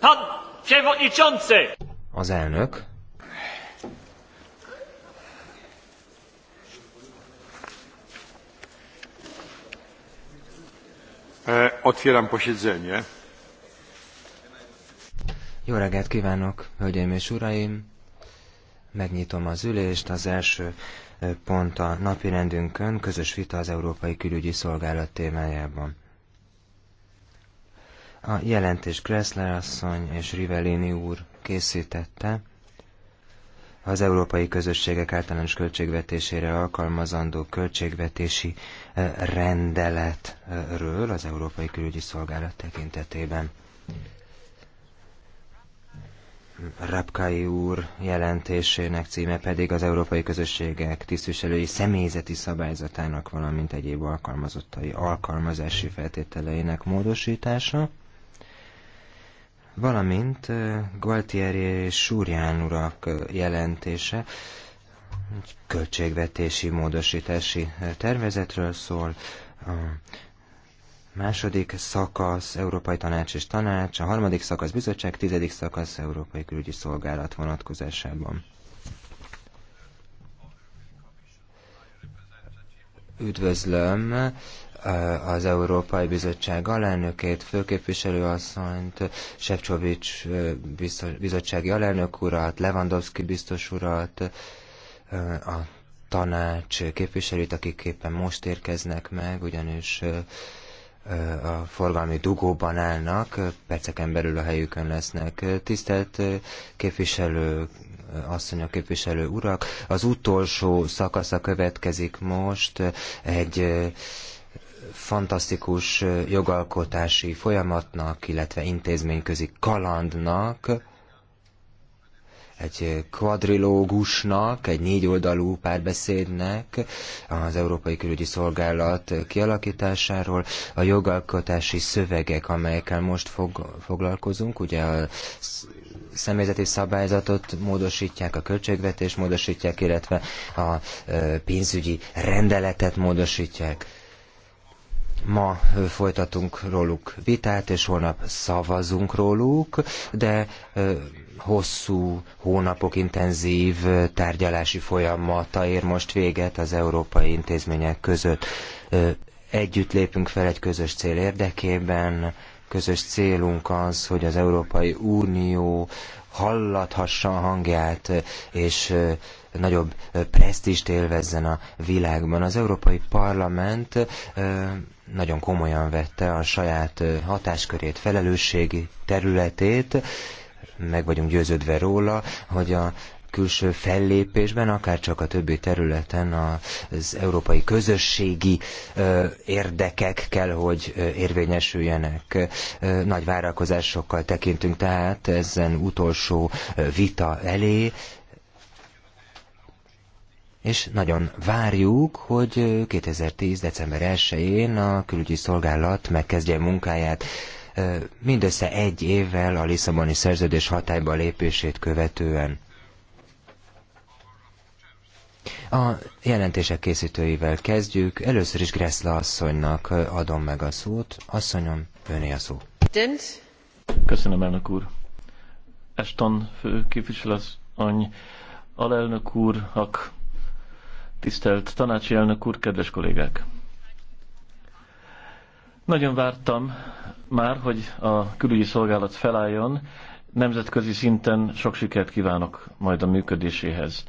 Pan przewodniczący! Az elnök. E, otwieram posiedzenie. Jó reggelt kívánok, hölgyeim és uraim! Megnyitom az ülést, az első e, pont a rendünkön, közös vita az Európai Külügyi Szolgálat témájában. A jelentés Kressler asszony és Rivellini úr készítette az európai közösségek általános költségvetésére alkalmazandó költségvetési rendeletről az Európai Külügyi Szolgálat tekintetében. Rapkai úr jelentésének címe pedig az Európai Közösségek tisztviselői személyzeti szabályzatának, valamint egyéb alkalmazottai alkalmazási feltételeinek módosítása valamint Gualtieri és Súrján urak jelentése egy költségvetési módosítási tervezetről szól. A második szakasz Európai Tanács és Tanács, a harmadik szakasz Bizottság, tizedik szakasz Európai Külügyi Szolgálat vonatkozásában. Üdvözlöm eh, az Európai Bizottság alelnökét, főképviselőasszonyt, Sefcsovics eh, bizottsági alelnök urat, Lewandowski biztos urat, eh, a tanács képviselőt, akik éppen most érkeznek meg, ugyanis a forgalmi dugóban állnak, perceken belül a helyükön lesznek. Tisztelt képviselő asszonyok, képviselő urak. Az utolsó szakasza következik most egy fantasztikus jogalkotási folyamatnak, illetve intézményközi kalandnak, egy kvadrilógusnak, egy négyoldalú párbeszédnek az Európai Külügyi Szolgálat kialakításáról. A jogalkotási szövegek, amelyekkel most fog, foglalkozunk, ugye a személyzeti szabályzatot módosítják, a költségvetés módosítják, illetve a pénzügyi rendeletet módosítják. Ma folytatunk róluk vitát, és holnap szavazunk róluk, de hosszú hónapok intenzív tárgyalási folyamata ér most véget az európai intézmények között. Együtt lépünk fel egy közös cél érdekében, közös célunk az, hogy az Európai Unió hallathassa a hangját, és nagyobb presztist élvezzen a világban. Az Európai Parlament nagyon komolyan vette a saját hatáskörét, felelősségi területét, meg vagyunk győződve róla, hogy a külső fellépésben, akár csak a többi területen az európai közösségi érdekek kell, hogy érvényesüljenek. Nagy várakozásokkal tekintünk tehát ezen utolsó vita elé, és nagyon várjuk, hogy 2010. december 1-én a külügyi szolgálat megkezdje munkáját mindössze egy évvel a Lisszaboni szerződés hatályba lépését követően. A jelentések készítőivel kezdjük. Először is Gressla asszonynak adom meg a szót. Asszonyom, öné a szó. Köszönöm, elnök úr. Eston főképviselőasszony, alelnök úr, ak. tisztelt tanácsi elnök úr, kedves kollégák! Nagyon vártam már, hogy a külügyi szolgálat felálljon. Nemzetközi szinten sok sikert kívánok majd a működéséhez.